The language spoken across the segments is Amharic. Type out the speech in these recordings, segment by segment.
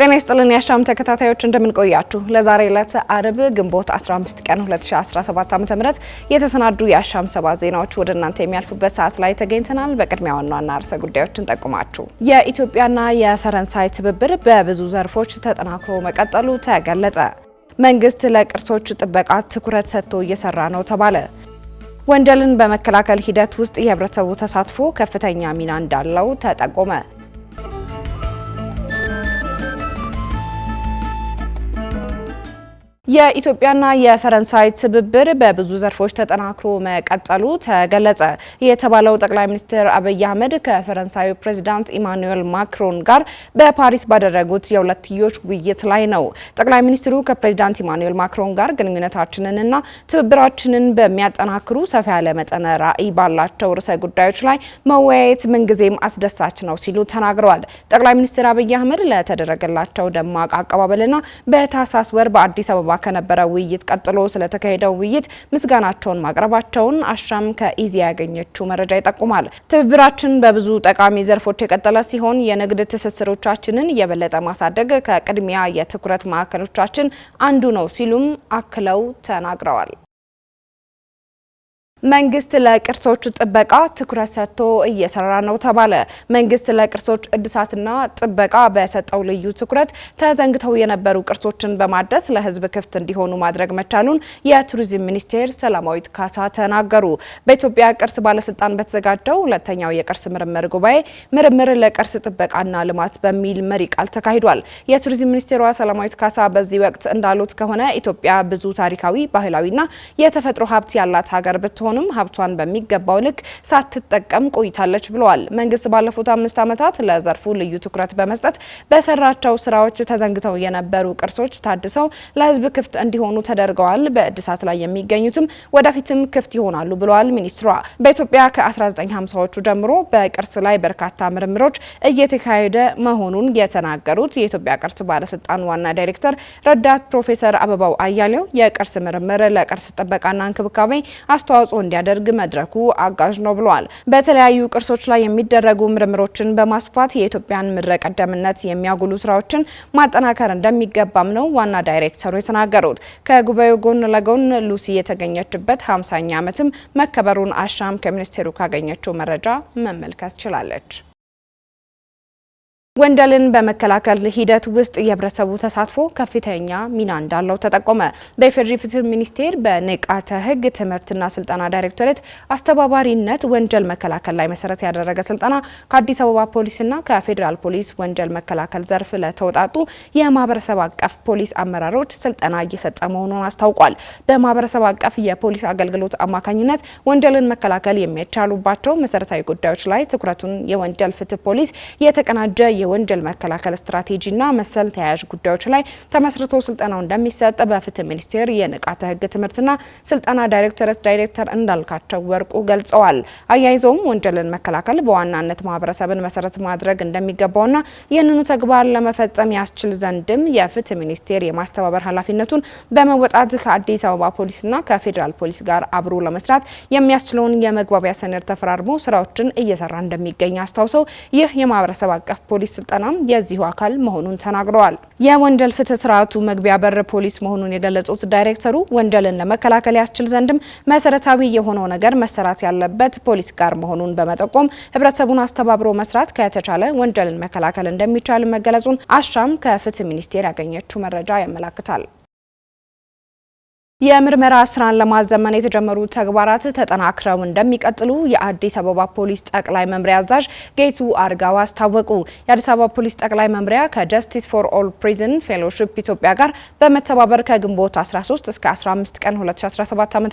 ጤና ይስጥልን የአሻም ተከታታዮች እንደምንቆያችሁ። ለዛሬ ዕለት አርብ ግንቦት 15 ቀን 2017 ዓ.ም የተሰናዱ የአሻም ሰባት ዜናዎች ወደ እናንተ የሚያልፉበት ሰዓት ላይ ተገኝተናል። በቅድሚያ ዋና ዋና ርዕሰ ጉዳዮችን ጠቁማችሁ የኢትዮጵያና የፈረንሳይ ትብብር በብዙ ዘርፎች ተጠናክሮ መቀጠሉ ተገለጸ። መንግስት ለቅርሶች ጥበቃ ትኩረት ሰጥቶ እየሰራ ነው ተባለ። ወንጀልን በመከላከል ሂደት ውስጥ የህብረተሰቡ ተሳትፎ ከፍተኛ ሚና እንዳለው ተጠቆመ። የኢትዮጵያና የፈረንሳይ ትብብር በብዙ ዘርፎች ተጠናክሮ መቀጠሉ ተገለጸ የተባለው ጠቅላይ ሚኒስትር አብይ አህመድ ከፈረንሳዩ ፕሬዚዳንት ኢማኑኤል ማክሮን ጋር በፓሪስ ባደረጉት የሁለትዮሽ ውይይት ላይ ነው። ጠቅላይ ሚኒስትሩ ከፕሬዚዳንት ኢማኑኤል ማክሮን ጋር ግንኙነታችንንና ትብብራችንን በሚያጠናክሩ ሰፋ ያለ መጠነ ራዕይ ባላቸው ርዕሰ ጉዳዮች ላይ መወያየት ምንጊዜም አስደሳች ነው ሲሉ ተናግረዋል። ጠቅላይ ሚኒስትር አብይ አህመድ ለተደረገላቸው ደማቅ አቀባበልና በታህሳስ ወር በአዲስ አበባ ሲገባ ከነበረ ውይይት ቀጥሎ ስለተካሄደው ውይይት ምስጋናቸውን ማቅረባቸውን አሻም ከኢዜአ ያገኘችው መረጃ ይጠቁማል። ትብብራችን በብዙ ጠቃሚ ዘርፎች የቀጠለ ሲሆን የንግድ ትስስሮቻችንን የበለጠ ማሳደግ ከቅድሚያ የትኩረት ማዕከሎቻችን አንዱ ነው ሲሉም አክለው ተናግረዋል። መንግስት ለቅርሶች ጥበቃ ትኩረት ሰጥቶ እየሰራ ነው ተባለ። መንግስት ለቅርሶች እድሳትና ጥበቃ በሰጠው ልዩ ትኩረት ተዘንግተው የነበሩ ቅርሶችን በማደስ ለሕዝብ ክፍት እንዲሆኑ ማድረግ መቻሉን የቱሪዝም ሚኒስቴር ሰላማዊት ካሳ ተናገሩ። በኢትዮጵያ ቅርስ ባለስልጣን በተዘጋጀው ሁለተኛው የቅርስ ምርምር ጉባኤ ምርምር ለቅርስ ጥበቃና ልማት በሚል መሪ ቃል ተካሂዷል። የቱሪዝም ሚኒስቴሯ ሰላማዊት ካሳ በዚህ ወቅት እንዳሉት ከሆነ ኢትዮጵያ ብዙ ታሪካዊ፣ ባህላዊና የተፈጥሮ ሀብት ያላት ሀገር ብትሆን አሁንም ሀብቷን በሚገባው ልክ ሳትጠቀም ቆይታለች ብለዋል። መንግስት ባለፉት አምስት ዓመታት ለዘርፉ ልዩ ትኩረት በመስጠት በሰራቸው ስራዎች ተዘንግተው የነበሩ ቅርሶች ታድሰው ለህዝብ ክፍት እንዲሆኑ ተደርገዋል። በእድሳት ላይ የሚገኙትም ወደፊትም ክፍት ይሆናሉ ብለዋል ሚኒስትሯ። በኢትዮጵያ ከ1950ዎቹ ጀምሮ በቅርስ ላይ በርካታ ምርምሮች እየተካሄደ መሆኑን የተናገሩት የኢትዮጵያ ቅርስ ባለስልጣን ዋና ዳይሬክተር ረዳት ፕሮፌሰር አበባው አያሌው የቅርስ ምርምር ለቅርስ ጥበቃና እንክብካቤ አስተዋጽኦ አስተዋጽኦ እንዲያደርግ መድረኩ አጋዥ ነው ብሏል። በተለያዩ ቅርሶች ላይ የሚደረጉ ምርምሮችን በማስፋት የኢትዮጵያን ምድረ ቀደምነት የሚያጉሉ ስራዎችን ማጠናከር እንደሚገባም ነው ዋና ዳይሬክተሩ የተናገሩት። ከጉባኤው ጎን ለጎን ሉሲ የተገኘችበት 50ኛ ዓመትም መከበሩን አሻም ከሚኒስቴሩ ካገኘችው መረጃ መመልከት ችላለች። ወንጀልን በመከላከል ሂደት ውስጥ የህብረተሰቡ ተሳትፎ ከፍተኛ ሚና እንዳለው ተጠቆመ። በኢፌዴሪ ፍትህ ሚኒስቴር በንቃተ ህግ ትምህርትና ስልጠና ዳይሬክቶሬት አስተባባሪነት ወንጀል መከላከል ላይ መሰረት ያደረገ ስልጠና ከአዲስ አበባ ፖሊስና ከፌዴራል ፖሊስ ወንጀል መከላከል ዘርፍ ለተውጣጡ የማህበረሰብ አቀፍ ፖሊስ አመራሮች ስልጠና እየሰጠ መሆኑን አስታውቋል። በማህበረሰብ አቀፍ የፖሊስ አገልግሎት አማካኝነት ወንጀልን መከላከል የሚቻሉባቸው መሰረታዊ ጉዳዮች ላይ ትኩረቱን የወንጀል ፍትህ ፖሊስ የተቀናጀ የወንጀል መከላከል ስትራቴጂና መሰል ተያያዥ ጉዳዮች ላይ ተመስርቶ ስልጠናው እንደሚሰጥ በፍትህ ሚኒስቴር የንቃተ ህግ ትምህርትና ስልጠና ዳይሬክተረት ዳይሬክተር እንዳልካቸው ወርቁ ገልጸዋል። አያይዘውም ወንጀልን መከላከል በዋናነት ማህበረሰብን መሰረት ማድረግ እንደሚገባውና ይህንኑ ተግባር ለመፈጸም ያስችል ዘንድም የፍትህ ሚኒስቴር የማስተባበር ኃላፊነቱን በመወጣት ከአዲስ አበባ ፖሊስና ከፌዴራል ፖሊስ ጋር አብሮ ለመስራት የሚያስችለውን የመግባቢያ ሰነድ ተፈራርሞ ስራዎችን እየሰራ እንደሚገኝ አስታውሰው ይህ የማህበረሰብ አቀፍ ፖሊስ ስልጠናም የዚሁ አካል መሆኑን ተናግረዋል። የወንጀል ፍትህ ስርዓቱ መግቢያ በር ፖሊስ መሆኑን የገለጹት ዳይሬክተሩ ወንጀልን ለመከላከል ያስችል ዘንድም መሰረታዊ የሆነው ነገር መሰራት ያለበት ፖሊስ ጋር መሆኑን በመጠቆም ህብረተሰቡን አስተባብሮ መስራት ከተቻለ ወንጀልን መከላከል እንደሚቻል መገለጹን አሻም ከፍትህ ሚኒስቴር ያገኘችው መረጃ ያመላክታል። የምርመራ ስራን ለማዘመን የተጀመሩ ተግባራት ተጠናክረው እንደሚቀጥሉ የአዲስ አበባ ፖሊስ ጠቅላይ መምሪያ አዛዥ ጌቱ አርጋው አስታወቁ። የአዲስ አበባ ፖሊስ ጠቅላይ መምሪያ ከጀስቲስ ፎር ኦል ፕሪዝን ፌሎሺፕ ኢትዮጵያ ጋር በመተባበር ከግንቦት 13 እስከ 15 ቀን 2017 ዓ.ም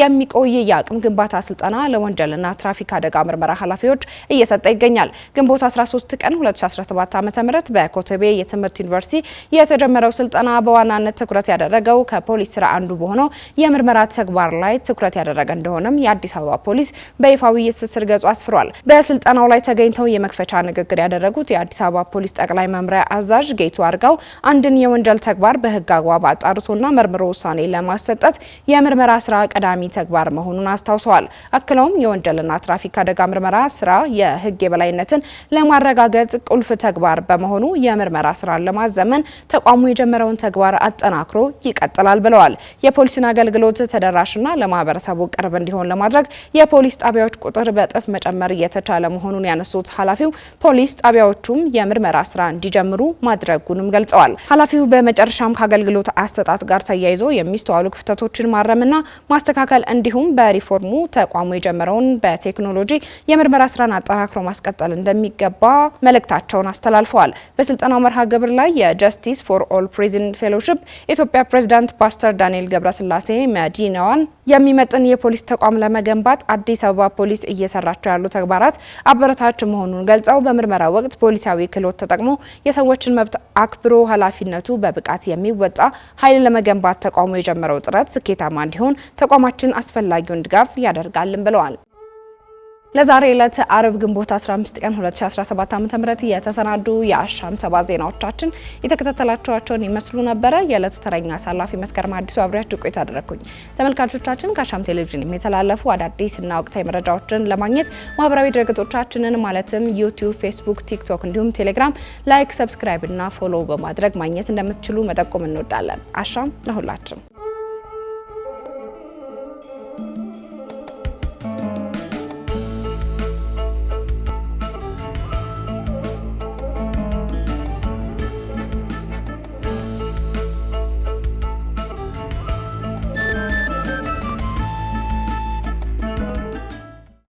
የሚቆይ የአቅም ግንባታ ስልጠና ለወንጀልና ትራፊክ አደጋ ምርመራ ኃላፊዎች እየሰጠ ይገኛል። ግንቦት 13 ቀን 2017 ዓ.ም በኮተቤ የትምህርት ዩኒቨርሲቲ የተጀመረው ስልጠና በዋናነት ትኩረት ያደረገው ከፖሊስ ስራ አንዱ አንዱ በሆነው የምርመራ ተግባር ላይ ትኩረት ያደረገ እንደሆነም የአዲስ አበባ ፖሊስ በይፋዊ የትስስር ገጹ አስፍሯል። በስልጠናው ላይ ተገኝተው የመክፈቻ ንግግር ያደረጉት የአዲስ አበባ ፖሊስ ጠቅላይ መምሪያ አዛዥ ጌቱ አርጋው አንድን የወንጀል ተግባር በህግ አግባብ አጣርቶና መርምሮ ውሳኔ ለማሰጠት የምርመራ ስራ ቀዳሚ ተግባር መሆኑን አስታውሰዋል። አክለውም የወንጀልና ትራፊክ አደጋ ምርመራ ስራ የህግ የበላይነትን ለማረጋገጥ ቁልፍ ተግባር በመሆኑ የምርመራ ስራን ለማዘመን ተቋሙ የጀመረውን ተግባር አጠናክሮ ይቀጥላል ብለዋል። የፖሊስን አገልግሎት ተደራሽና ለማህበረሰቡ ቅርብ እንዲሆን ለማድረግ የፖሊስ ጣቢያዎች ቁጥር በእጥፍ መጨመር እየተቻለ መሆኑን ያነሱት ኃላፊው ፖሊስ ጣቢያዎቹም የምርመራ ስራ እንዲጀምሩ ማድረጉንም ገልጸዋል። ኃላፊው በመጨረሻም ከአገልግሎት አሰጣጥ ጋር ተያይዞ የሚስተዋሉ ክፍተቶችን ማረምና ማስተካከል እንዲሁም በሪፎርሙ ተቋሙ የጀመረውን በቴክኖሎጂ የምርመራ ስራን አጠናክሮ ማስቀጠል እንደሚገባ መልእክታቸውን አስተላልፈዋል። በስልጠናው መርሃ ግብር ላይ የጀስቲስ ፎር ኦል ፕሪዝን ፌሎሺፕ ኢትዮጵያ ፕሬዚዳንት ፓስተር ዳንኤል ገብረስላሴ መዲናዋን የሚመጥን የፖሊስ ተቋም ለመገንባት አዲስ አበባ ፖሊስ እየሰራቸው ያሉ ተግባራት አበረታች መሆኑን ገልጸው በምርመራ ወቅት ፖሊሳዊ ክህሎት ተጠቅሞ የሰዎችን መብት አክብሮ ኃላፊነቱ በብቃት የሚወጣ ኃይል ለመገንባት ተቋሙ የጀመረው ጥረት ስኬታማ እንዲሆን ተቋማችን አስፈላጊውን ድጋፍ ያደርጋልን ብለዋል። ለዛሬ ዕለት አርብ ግንቦት 15 ቀን 2017 ዓ.ም የተሰናዱ የአሻም ሰባት ዜናዎቻችን የተከታተላችኋቸውን ይመስሉ ነበረ። የዕለቱ ተረኛ አሳላፊ መስከረም አዲሱ አብሬያችሁ ቆይታ አደረግኩኝ። ተመልካቾቻችን ከአሻም ቴሌቪዥን የሚተላለፉ አዳዲስና ወቅታዊ መረጃዎችን ለማግኘት ማህበራዊ ድረገጾቻችንን ማለትም ዩቲዩብ፣ ፌስቡክ፣ ቲክቶክ እንዲሁም ቴሌግራም ላይክ፣ ሰብስክራይብ እና ፎሎ በማድረግ ማግኘት እንደምትችሉ መጠቆም እንወዳለን። አሻም ለሁላችን!